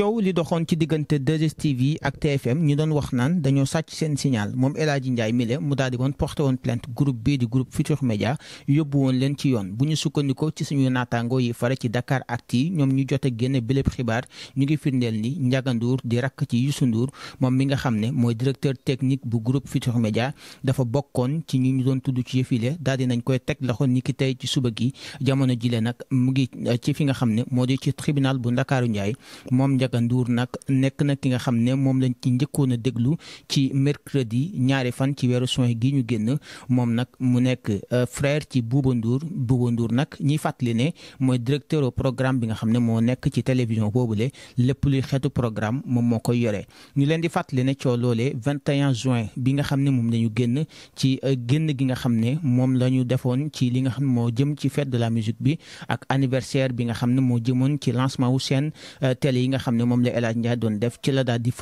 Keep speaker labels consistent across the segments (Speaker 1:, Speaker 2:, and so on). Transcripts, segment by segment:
Speaker 1: coow li doxoon ci diggante 2STV yi ak TFM ñu doon wax naan dañoo sàcc seen signal moom El Hadji Ndiaye mile mu daal di woon porté woon plainte groupe bii di groupe Futurs Médias yóbbu woon leen ci yoon bu ñu sukkandikoo ci suñu naataango yi fare ci Dakar Actu ñoom ñu jote génne biléb xibaar ñu ngi firndeel ni Ndiaga di rakk ci Youssou nduur moom mi nga xam ne mooy directeur technique bu groupe Futurs Médias dafa bokkoon ci ñu ñu doon tudd ci yëfile daal di nañ koy teg loxo ni tey ci suba gi jamono jile nag mu ngi ci fi nga xam ne moo di ci tribunal bu Ndakaaru Ndiaye Ndiaga Ndour nag nekk na ki nga xam ne moom lañ ci njëkkoon a déglu ci mercredi ñaari fan ci weeru soin gi ñu génn moom nag mu nekk euh, frère ci Bouba Ndour nag ñiy fàttali ne mooy directeur programme bi nga xam ne moo nekk ci télévision boobule lépp luy xeetu programme moom moo koy yore ñu leen di fàttali ne coo loolee 21 juin bi nga xam ne la ñu génn ci euh, génn gi nga xam ne moom la ñu defoon ci li nga xam ne moo jëm ci fête de la musique bi ak anniversaire bi nga xam ne moo jëmoon ci lancement wu seen euh, télé yi nga xam xam ne moom la El Hadj doon def ci la daal di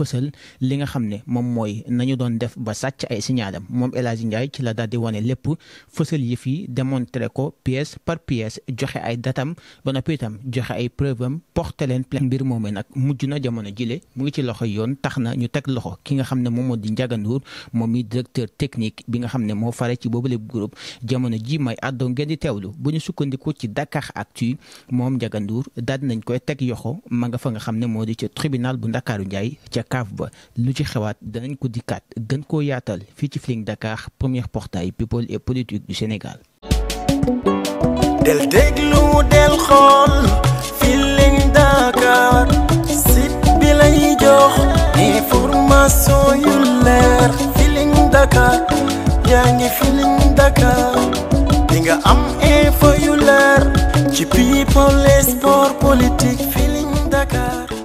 Speaker 1: li nga xam ne moom mooy nañu doon def ba sàcc ay signalam moom El Hadj Ndiaye ci la daal di wane lépp fësal yi fi démontré ko pièce par pièce joxe ay datam ba noppi itam joxe ay preuve am porté leen plainte mbir moomee nag mujj na jamono jile mu ngi ci loxo yoon tax na ñu teg loxo ki nga xam ne moom moo di Ndiaga moom mi directeur technique bi nga xam ne moo fare ci boobu lépp groupe jamono ji may àddoo ngeen di teewlu bu sukkandiku ci Dakar Actu moom Ndiaga moo di bu ndakaaru Ndiaye ca ba lu ci xewaat danañ ko dikkaat gën koo yaatal fii ci Feeling Dakar premier portail people et politique du Sénégal.
Speaker 2: del déglu del xool Feeling Dakar site bi lay jox information yu leer Feeling Dakar yaa ngi Feeling Dakar di nga am info yu leer ci people et sport politique Dakar